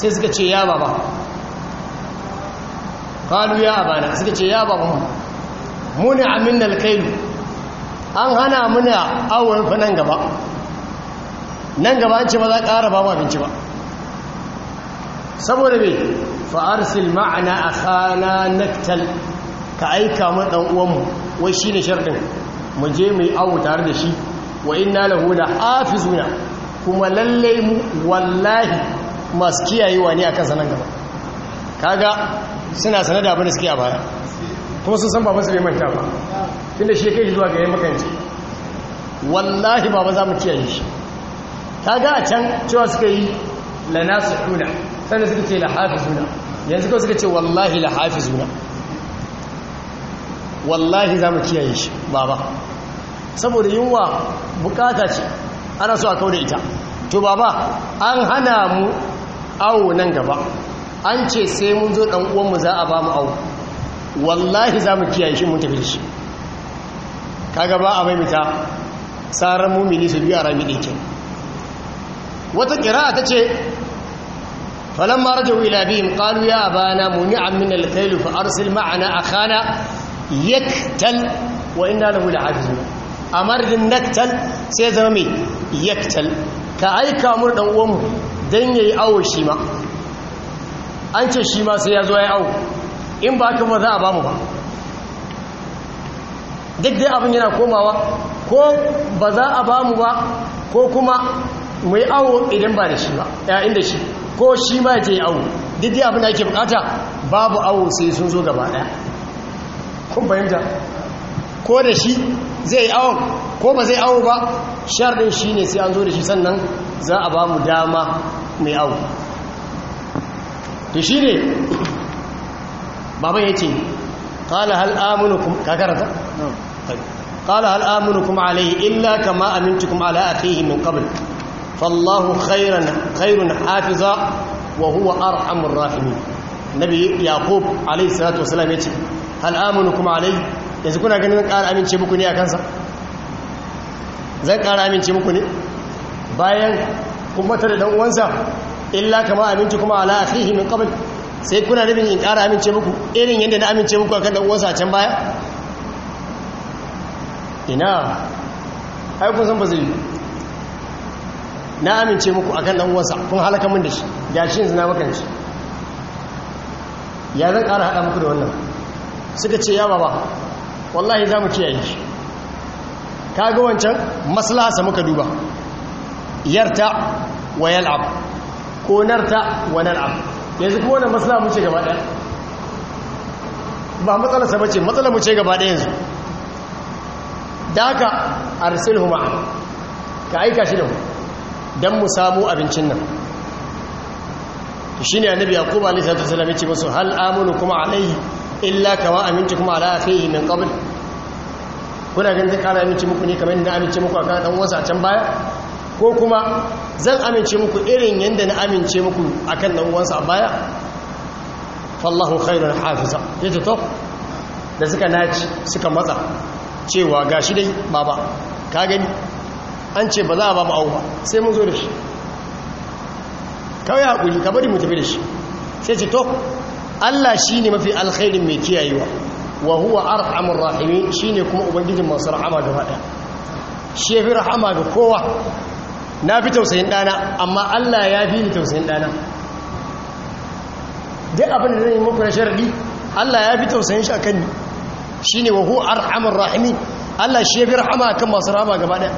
sai suka ce ya baba Kalu ya abana suka ce ya babanmu muni amin alkailu an hana muna awon fa nan gaba nan gaba an ce ba za ƙara ba mu abinci ba saboda me fa arsil ma'ana akhana naktal ka aika mu dan uwanmu wai shine sharɗin mu je mu yi awo tare da shi wa inna lahu la hafizuna kuma lallai mu wallahi masu kiyayewa ne akan sanan gaba kaga suna sane da abin da suke a baya kuma sun san babansu bai manta ba tun da shi kai zuwa ga yi makanci wallahi baba za mu kiyaye shi ta ga a can cewa suka yi nasu suna sannan suka ce suna yanzu kawai suka ce wallahi suna. wallahi za mu kiyaye shi baba saboda yunwa bukata ce ana so a kawo da ita to baba an hana mu awo nan gaba an ce sai mun zo ɗan uwanmu za a ba mu au wallahi za mu kiyaye shi mun tafi da shi kaga ba a maimaita tsarar mumini su biya rami ɗin ke wata ƙira'a ta ce falamma rajawu ila bihim qalu ya abana muni'an min al-kayl fa arsil ma'ana akhana yaktal wa inna lahu A amarin naktal sai zama mai yaktal ka aika mu dan uwanmu dan yayi awo shi ma an ce shi ma sai ya zo ya au in ba haka ba za a ba mu ba duk dai abin yana komawa ko ba za a ba mu ba ko kuma mu yi awo idan ba da shi ba ya inda shi ko shi ma ya ce awo duk dai abin da ake bukata babu awo sai sun zo gaba daya kun fahimta ko da shi zai awo ko ba zai awo ba shardin shi ne sai an zo da shi sannan za a ba mu dama mai awo to shi ne Baba ya ce ƙala hal'amunukum kuma karanta? ƙala alaihi illa kama amintukum ala akhihi min qabl fallahu khairun hafiza wa huwa arhamur rahimin nabi yaqub alaihi salatu wasalam ya ce kuma alaihi yanzu kuna ganin ƙara amince muku ne a kansa zan ƙara amince muku ne bayan kuma tare da uwansa illa kama aminci kuma ala akhihi min qabl sai kuna nufin in ƙara amince muku irin yadda na amince muku akan dan uwansa can baya ina ai kun san ba na amince muku akan dan uwansa kun halaka min da shi shi yanzu na maka shi ya zan ƙara haɗa muku da wannan suka ce ya baba wallahi za mu kiyaye shi kaga wancan maslahasa muka duba yarta wa yal'ab ko narta wa nal'am yanzu kuma wannan matsala mu ce gaba ɗaya ba matsala sa bace matsala mu ce gaba ɗaya yanzu da haka arsilhu huma ka aika shi da mu dan mu samu abincin nan shine annabi yaqub alayhi salatu wasallam yace musu hal amunu kuma alayhi illa kama Aminci kuma ala akhihi min qabl kuna ganin kana aminci muku ne kamar da aminci muku akan dan wasa can baya ko kuma zan amince muku irin yadda na amince muku akan dan a baya fallahun khairul hafiza yace to da suka naci suka matsa cewa gashi dai baba ka gani an ce ba za a ba ma'au ba sai mun zo da shi kawai hakuri ka bari mu tafi da shi sai ce to Allah shi ne mafi alkhairin mai kiyayewa wa huwa Rahimi shi ne kuma ubangijin masu rahama gaba daya shi fi rahama ga kowa na fi tausayin ɗana amma Allah ya fi ni tausayin ɗana duk abin da zai yi muku na sharaɗi Allah ya fi tausayin shi a kan ni shi ne wa hu arhamar rahimi Allah shi ya fi rahama a kan masu rama gaba ɗaya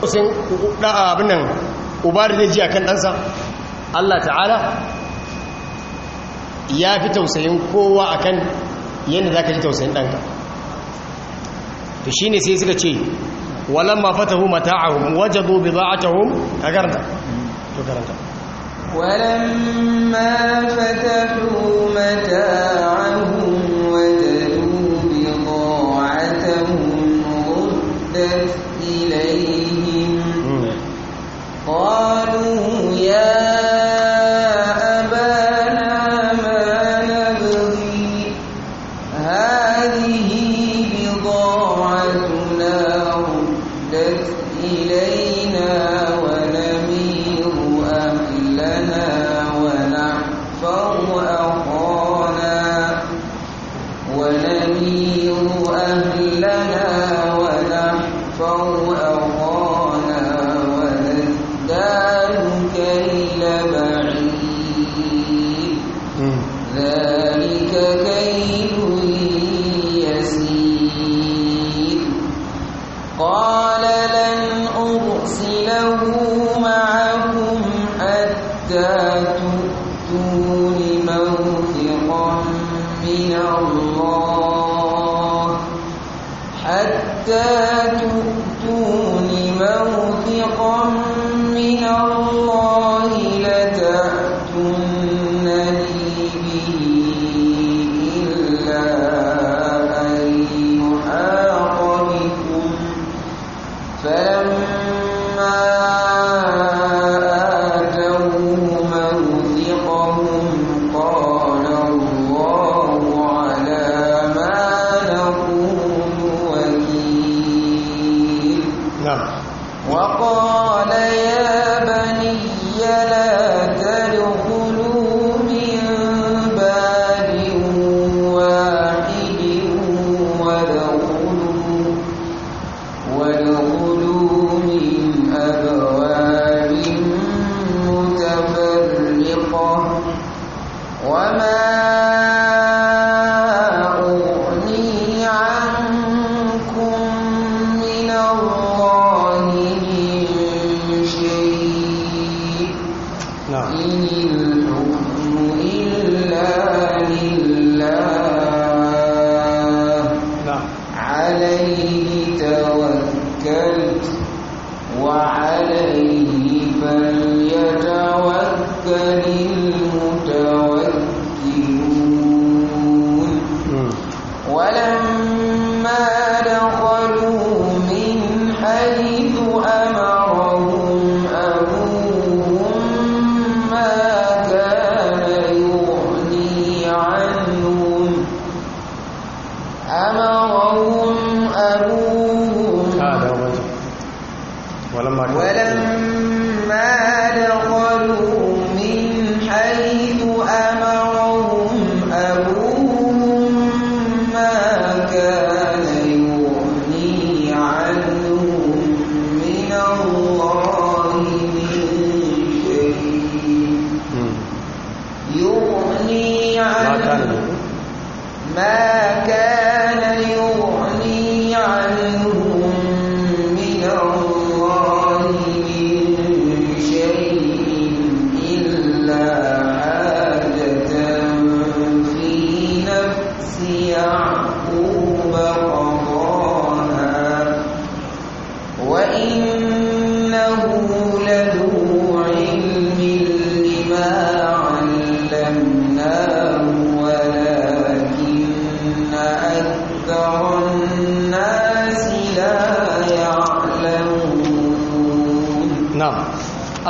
tausayin abin nan uba da ji a kan ɗansa Allah ta'ala ya fi tausayin kowa a kan yadda za ka ji tausayin ɗanka to shi ne sai suka ce ولما فتحوا متاعهم وجدوا بضاعتهم أكرنا تكرنا ولما فتحوا متاعهم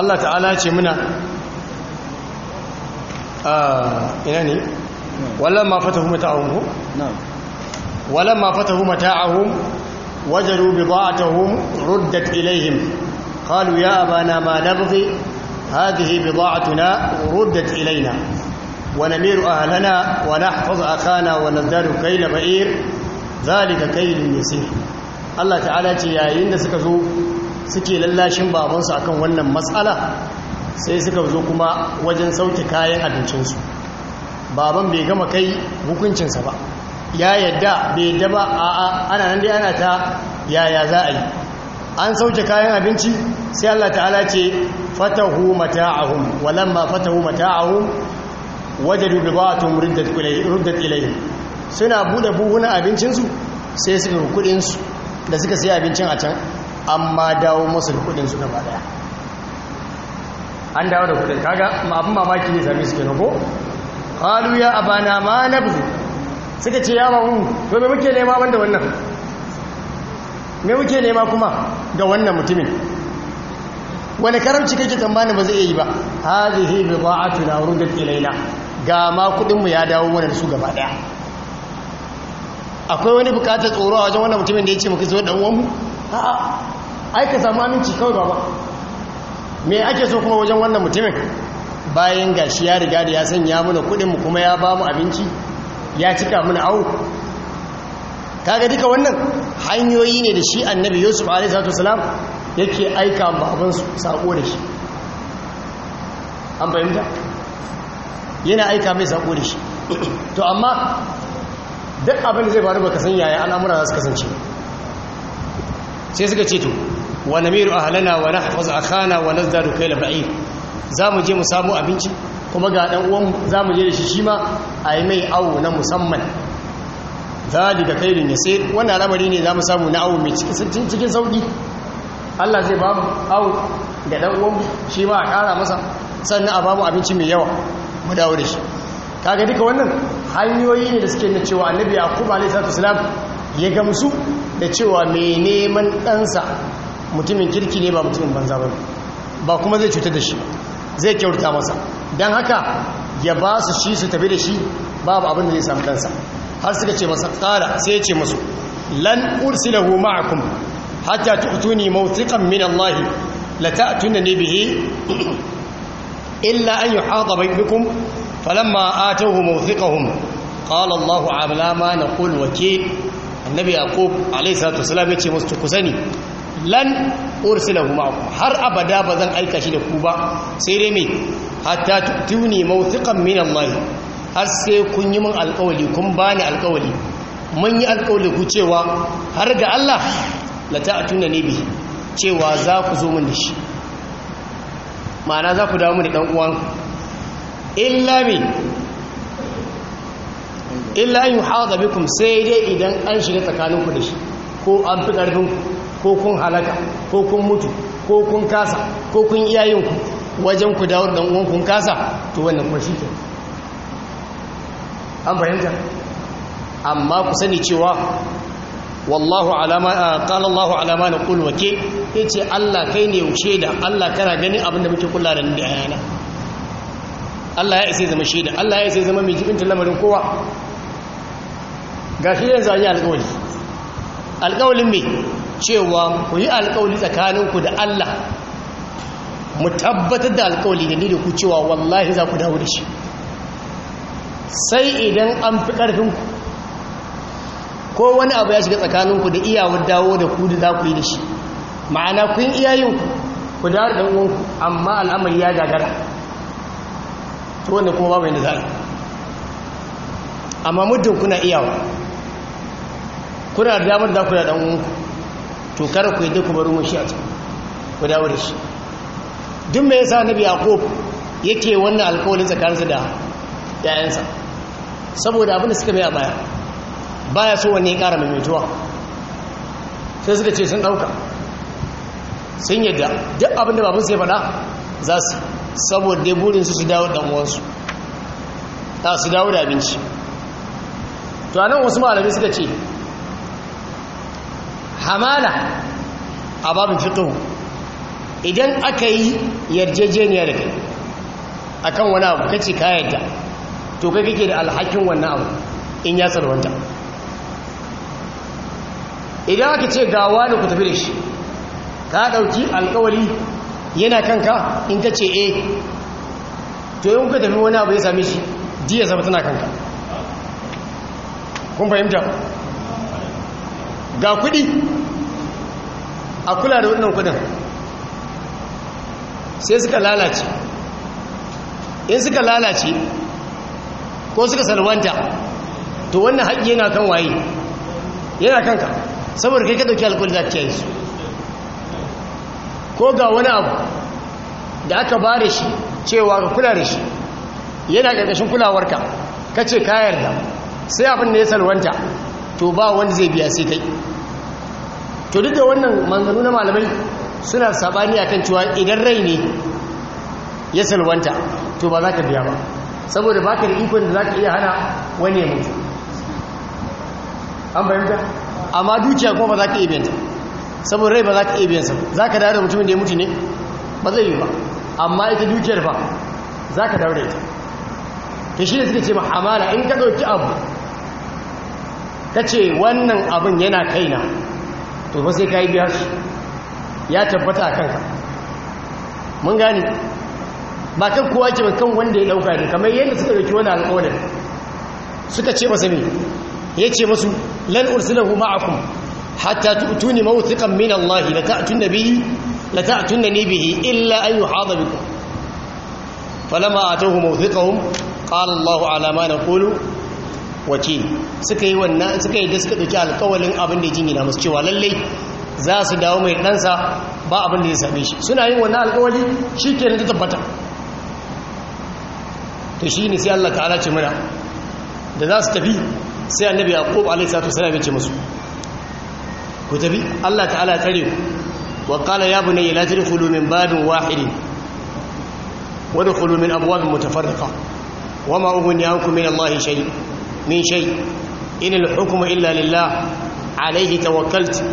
Allah ta'ala ce muna ah, ina ne wallan ma fatahu mata'ahum wallan ma fatahu mata'ahum wajaru bida'atahum ruddat ilaihim qalu ya abana ma nabghi hadhihi bida'atuna ruddat ilaina ونمير أهلنا ونحفظ أخانا na كيل بئير ذلك كيل يسير Allah ta'ala ce yayin da suka zo suke lallashin babansu akan wannan matsala sai suka zo kuma wajen sauke kayan abincinsu baban bai gama kai hukuncinsa ba ya yadda bai yadda ba a'a ana nan dai ana ta yaya za a yi an sauke kayan abinci sai Allah ta'ala ce fatahu mata'ahum walamma fatahu mata'ahum wajadu bibatun riddat ilayhim suna bude buhunan abincinsu sai suka kudin su da suka sai abincin a can amma dawo musu da kudin su gaba daya an dawo da kudin kaga abin mamaki ne sami suke kenan halu ya abana ma nabzu suka ce ya babu to me muke nema banda wannan me muke nema kuma Ga wannan mutumin wani karamci kake tambani ba zai iya yi ba na wurin rudat laina. ga ma kudin mu ya dawo mana da su gaba daya akwai wani bukatar tsoro a wajen wannan mutumin da ya ce muka zo dan uwan mu a'a ai ka samu aminci kawai baba me ake so kuma wajen wannan mutumin bayan gashi ya riga da ya sanya mana kudin mu kuma ya ba mu abinci ya cika mana au kaga duka wannan hanyoyi ne da shi annabi yusuf alaihi wasallam yake aika ma abin sako da shi an fahimta yana aika mai sako da shi to amma duk abin da zai faru baka san yaya al'amura za su kasance ba sai suka ce to wa namiru ahlana wa nahfaz akhana wa nazdadu kayla ba'ir za mu je mu samu abinci kuma ga dan uwan za mu je da shi shi ma a yi mai awo na musamman zalika khairun yasir wannan al'amari ne za mu samu na awo mai cikin cikin sauki Allah zai ba mu awo da dan uwan shi ma a kara masa sannan a ba mu abinci mai yawa mu dawo da shi kaga duka wannan hanyoyi ne da suke nuna cewa annabi a alaihi salatu wasalam ya gamsu da cewa mai neman ɗansa mutumin kirki ne ba mutumin banza ba ba kuma zai cutar da shi zai kyauta masa don haka ya ba su shi su tafi da shi babu abin da zai samu dansa har suka ce masa tsara sai ce masu lan ursilahu ma'akum hatta tu'tuni mawthiqan min Allah la ta'tunani bihi illa an yuhata bainakum falamma atawhu mawthiqahum qala Allah ala ma naqul wakil annabi yaqub alayhi salatu wasalam ya ce musu ku sani lan ursilahu ma'akum har abada ba zan aika shi da ku ba sai dai me hatta tuuni mawthiqan min Allah har sai kun yi min alƙawali kun bani alƙawali mun yi alƙawali ku cewa har ga Allah la ta'tuna ni bi cewa za ku zo min da ma'ana za ku dawo min da dan uwan illa me illa an yuhadha bikum sai dai idan an shiga tsakaninku da shi ko an fi ƙarfinku ko kun halaka ko kun mutu ko kun kasa ko kun iyayenku wajen ku dawo dan uwan kun kasa to wannan kuma shi an fahimta amma ku sani cewa wallahu alama na Allahu alama naqul wake Allah kai ne yaushe da Allah kana ganin abinda muke kula da ni da ayana Allah ya isa zama shaida Allah ya isai zama mai jibinta lamarin kowa ga shi zai an yi alkawali alkawalin mai cewa ku yi alkawali tsakaninku da Allah mu tabbatar da alkawali da ni da ku cewa wallahi za ku dawo da shi sai idan an fi ƙarfinku ko wani abu ya shiga tsakaninku da iyawar dawo da ku da za ku yi da shi ma'ana kun iyayenku ku dawo da uwanku amma al'amari ya gagara to wanda kuma babu yadda za a yi amma muddin kuna iyawa kuna da damar da ku da dan to kar ku yadda ku bar shi a cikin ku dawo da shi duk me yasa biya yaqub yake wannan alƙawarin tsakaninsa da yayansa saboda abin da suka bai a baya baya so wanne ya ƙara maimaituwa sai suka ce sun ɗauka sun yadda duk abin da sai faɗa za su saboda dai burinsu su dawo ɗan'uwansu ta su dawo da abinci to anan wasu malami suka ce hamala a babu fito idan aka yi yarjejeniya da kai akan wani abu kace ka yarda to kai kake da alhakin wannan abu in ya salwanta idan aka ce ga da ku tafi da shi ka ɗauki alkawali yana kanka in ka ce eh to yi kuka tafi wani abu ya same shi diya zama tana kanka kun fahimta ga kuɗi a kula da wannan kudin sai suka lalace in suka lalace ko suka salwanta to wannan haƙi yana kan waye yana kanka saboda kai ka ɗauki alkuli za ka yi su ko ga wani abu da aka ba da shi cewa ka kula da shi yana ƙarƙashin kulawarka ka ce ka yarda sai abin da ya salwanta to ba wanda zai biya sai kai to duk da wannan manganu na malamai suna sabani akan cewa idan rai ne ya salwanta to ba za ka biya ba saboda ba ka da ikon da za ka iya hana wani ya mutu an fahimta amma dukiya kuma ba za ka iya biyanta saboda rai ba za ka iya biyan sa za ka dawo da mutumin da ya mutu ne ba zai yi ba amma ita dukiyar fa za ka dawo da ita ta shi ne suka ce mahamala in ka ɗauki abu ka ce wannan abin yana kaina to ba sai ka yi biya shi ya tabbata a kanka mun gane ba kan kowa ce kan wanda ya dauka ne kamar yadda suka dauki wani alƙawarin suka ce masa me ya ce masu lan ursilahu ma'akum hatta tu'tuni mawthiqan min Allah la ta'tunna bihi la ta'tunna bihi illa an yuhadha bikum falamma atawhu mawthiqahum qala Allah ala ma naqulu wakil suka yi wannan suka yi da suka ɗauki alƙawalin abin da ya jingina musu cewa lallai za su dawo mai ɗansa ba abin da ya same shi suna yin wannan alƙawali shi ke ta tabbata to shi ne sai Allah ta'ala ce mana da za su tafi sai annabi yaqub alaihi salatu wasalam ya ce musu ku tafi Allah ta'ala tsare ku wa qala ya bunayya la tadkhulu min babin wahidin wa dkhulu min abwabin mutafarriqa wama ughni ankum min Allah shay'un min shai in al-hukmu illa lillah alayhi tawakkaltu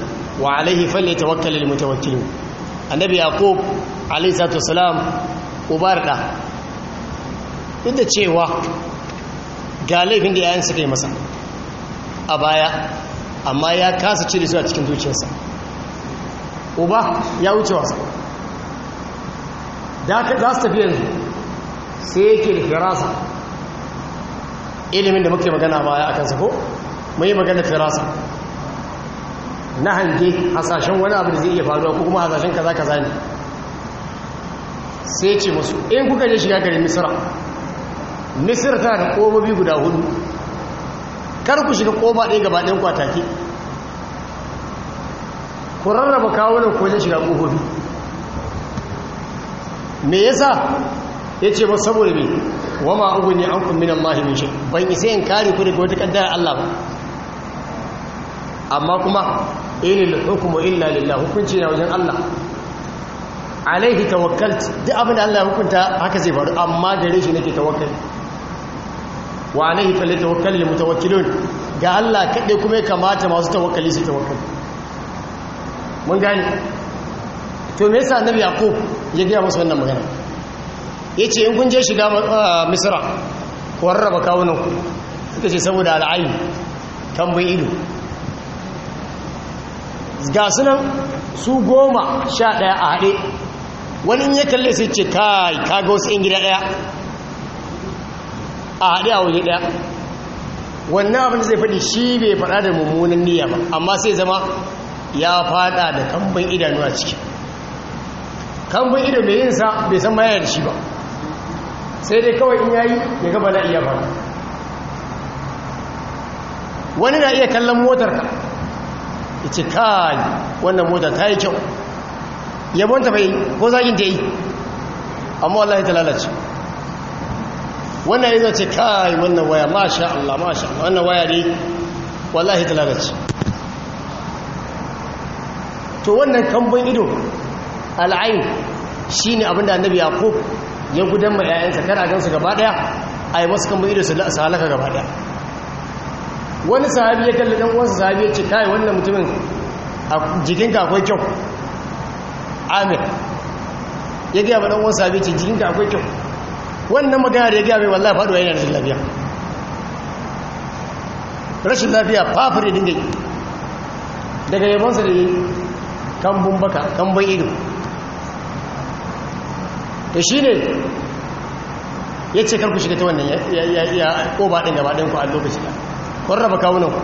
wa alayhi falyatawakkal al-mutawakkilun annabi yaqub alayhi salatu wassalam ubarda duk cewa ga laifin da yayan suka yi masa a baya amma ya kasa cire su a cikin zuciyarsa uba ya wuce wasa da za su tafi yanzu sai yake da farasa. ilimin da muke magana baya a kansa ko mu yi magana firasa na hange hasashen wani abu da zai iya faruwa ko kuma hasashen kaza kaza ne sai ce musu in kuka je shiga garin misira misir tana da ƙobobi guda hudu kar ku shiga ƙoba ɗaya gaba ɗayan kwataki ku rarraba da ku wajen shiga ƙofofi me yasa ya ce ba saboda me wa ma ne ankum min Allah min shay ban isa in kare ku daga wata kaddara Allah ba amma kuma ilil hukmu illa lillah hukunci na wajen Allah alaihi tawakkalt duk abin da Allah ya hukunta haka zai faru amma gare shi nake tawakkali wa alaihi falyatawakkal lil mutawakkilun ga Allah kade kuma ya kamata masu tawakkali su tawakkali mun gane to me yasa annabi yaqub ya ga musu wannan magana ya ce in kun je shiga uh, misira warraba kawunanku suka ce saboda al'ayi tambayi ido ga sunan su goma sha ɗaya a haɗe wani ya kalle sai ce kai kaga wasu in gida ɗaya a haɗe a waje ɗaya wannan abin da zai faɗi shi bai faɗa da mummunan niyya ba amma sai zama ya faɗa da kambun idanu a ciki kambun ido mai yinsa bai san da shi ba sai dai kawai in yayi ya gaba na iya fara wani na iya kallon motar ka ita kai wannan motar ta yi kyau yabon ta bai ko zagin ta yi amma wallahi ta lalace wannan yanzu ce kai wannan waya masha Allah masha Allah wannan waya ne wallahi ta lalace to wannan kambon ido al'ain shine abinda annabi yaqub ya gudan ma 'ya'yansa kar a gansu gaba daya a yi masu kan ido su halaka gaba daya wani sahabi ya kalli dan uwansa sahabi ya ce kai wannan mutumin a jikinka akwai kyau amin ya gaya ma dan uwansa sahabi ya ce jikinka akwai kyau wannan magana da ya gaya mai wallahi faɗuwa yana rashin lafiya rashin lafiya fafar ya dinga daga yabonsa da yi kambun baka kambun ido da shi ne ya ce karku shiga ta wannan ya ƙoba ɗin gaba ɗin ku a lokaci da warraba kawunan ku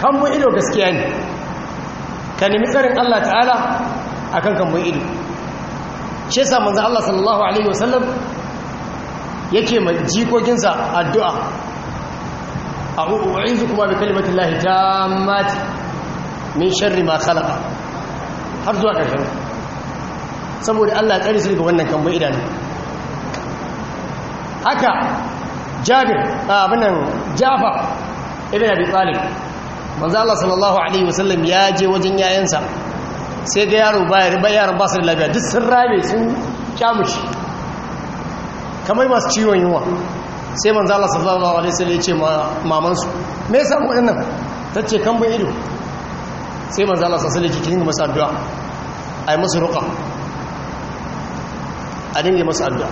kambun ido gaskiya ne ka nemi tsarin allah ta'ala a kan kambun ido shi yasa za allah sallallahu alaihi wasallam yake mai jikokinsa addu'a a su kuma bi kalimatin lahi ta mati min sharri ma khalaka har zuwa ƙarshen saboda Allah kare su daga wannan kambo idanu haka jabir abinan jafar ibn abi talib manzo Allah sallallahu alaihi wasallam ya je wajen yayansa sai ga yaro bayar bayar ba su da lafiya duk sun rabe sun kyamushi kamar masu ciwon yunwa sai manzo Allah sallallahu alaihi wasallam ya ce maman su me yasa dinnan tace kan bai ido sai manzo Allah sallallahu alaihi wasallam ya ce kin masa addu'a ai musu ruqa a dinga masu addu'a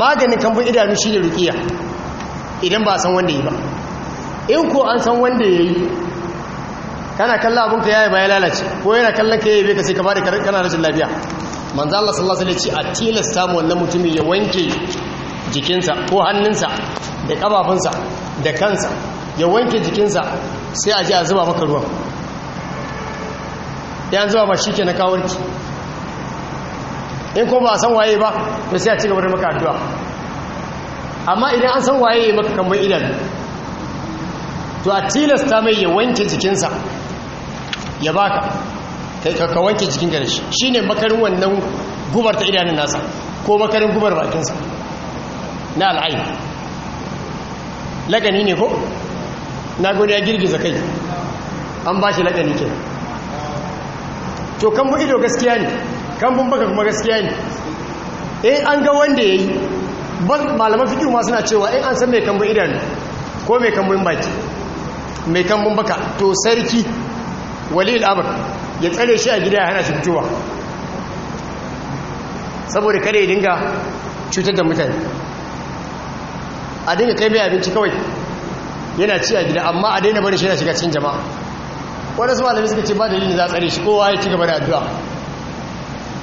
maganin kambun idanu shi ne rukiya idan ba san wanda yi ba in ko an san wanda ya yi kana kalla abinka yayi ba ya lalace ko yana kallon ka yayi bai ka sai ka bada kana rashin lafiya manzo Allah sallallahu alaihi wasallam ya ce a tilasta mu wannan mutumi ya wanke jikinsa ko hannunsa da kafafunsa da kansa ya wanke jikinsa sai a je a zuba maka ruwan yanzu ba shi ke na kawarki in ko ba san waye ba to sai a ci gaba da maka addu'a amma idan an san waye ya maka kamar idan to a tilasta mai ya wanke jikinsa ya baka kai ka wanke jikin gare shi shine makarin wannan gubar ta idanun nasa ko makarin gubar bakinsa na al'ayi lagani ne ko na gode ya girgiza kai an ba shi lagani ke to kan ido gaskiya ne kambun baka kuma gaskiya ne in an ga wanda ya yi malaman fikiyu ma suna cewa in an san mai kambun idanu ko mai kambun baki mai kambun baka to sarki wali al'amur ya tsare shi a gida ya hana shi fitowa saboda kada ya dinga cutar da mutane a dinga kai mai abinci kawai yana ci a gida amma a daina bari shi yana shiga cikin jama'a wani su malami suka ce ba dalilin za a tsare shi kowa ya ci gaba da addu'a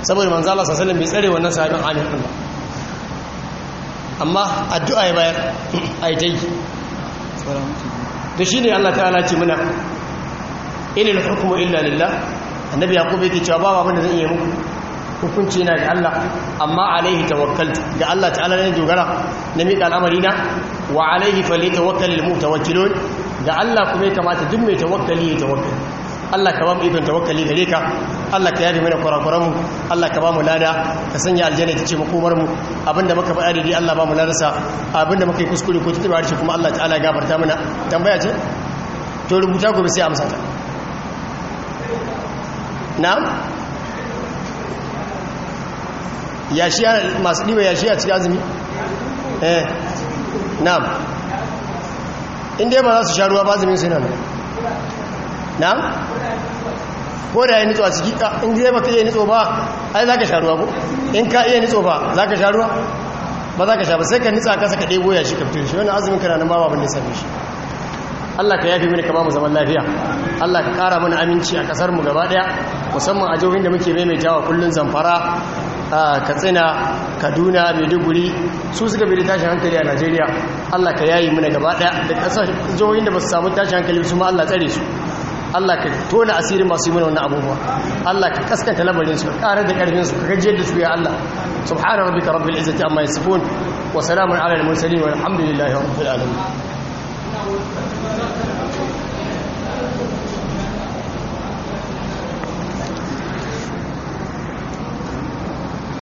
saboda manzo Allah sallallahu alaihi wasallam bai tsare wannan sahabin Amir din ba amma addu'a ya bayar ai ta yi da shi ne Allah ta'ala ce muna ilil hukumu illa lillah annabi yaqub yake cewa ba abin da zan yi muku hukunci na ga Allah amma alaihi tawakkaltu ga Allah ta'ala ne dogara na miƙa al'amari na wa alaihi falyatawakkal al mutawakkilun ga Allah kuma ya kamata duk mai tawakkali ya tawakkali Allah ka ba mu ikon tawakkali gare ka Allah ka yare mana kwarakwaranmu mu Allah ka ba mu lada ka sanya aljanna ta ce makomarmu abinda muka faɗa daidai Allah ba mu larasa abinda muka yi kuskure ko tutuba harshe kuma Allah ta'ala ya gafarta mana tambaya ce to rubuta gobe sai amsa ta na'am ya masu ya shi a cikin azumi eh na'am in dai ba za su sha ruwa ba azumin sai nan na'am ko da ya nitso a ciki ah, in zai mafi iya nitso ba ai za ka sha ruwa ko in ka iya nitso ba za ka sharuwa ba za ka sha ba sai ka nitsa kasa ka ɗebo ya shi ka fito shi wani azumin kana nan ba babin da same shi Allah ka yafi mini ka ba mu zaman lafiya Allah ka kara mana aminci a kasar mu gaba daya musamman a jihohin da muke maimaitawa kullun zamfara katsina kaduna maiduguri su suka bi da tashin hankali a najeriya allah ka yayi mana gaba daya da kasar jihohin da ba su samu tashin hankali su ma allah tsare su Allah ka tona asirin masu yi wannan abubuwa Allah ka kaskanta lamarin su ƙarar da ƙarfin su ka gajiyar da su ya Allah subhana rabbika rabbil izzati amma yasifun wa salamun ala al mursalin walhamdulillahi rabbil alamin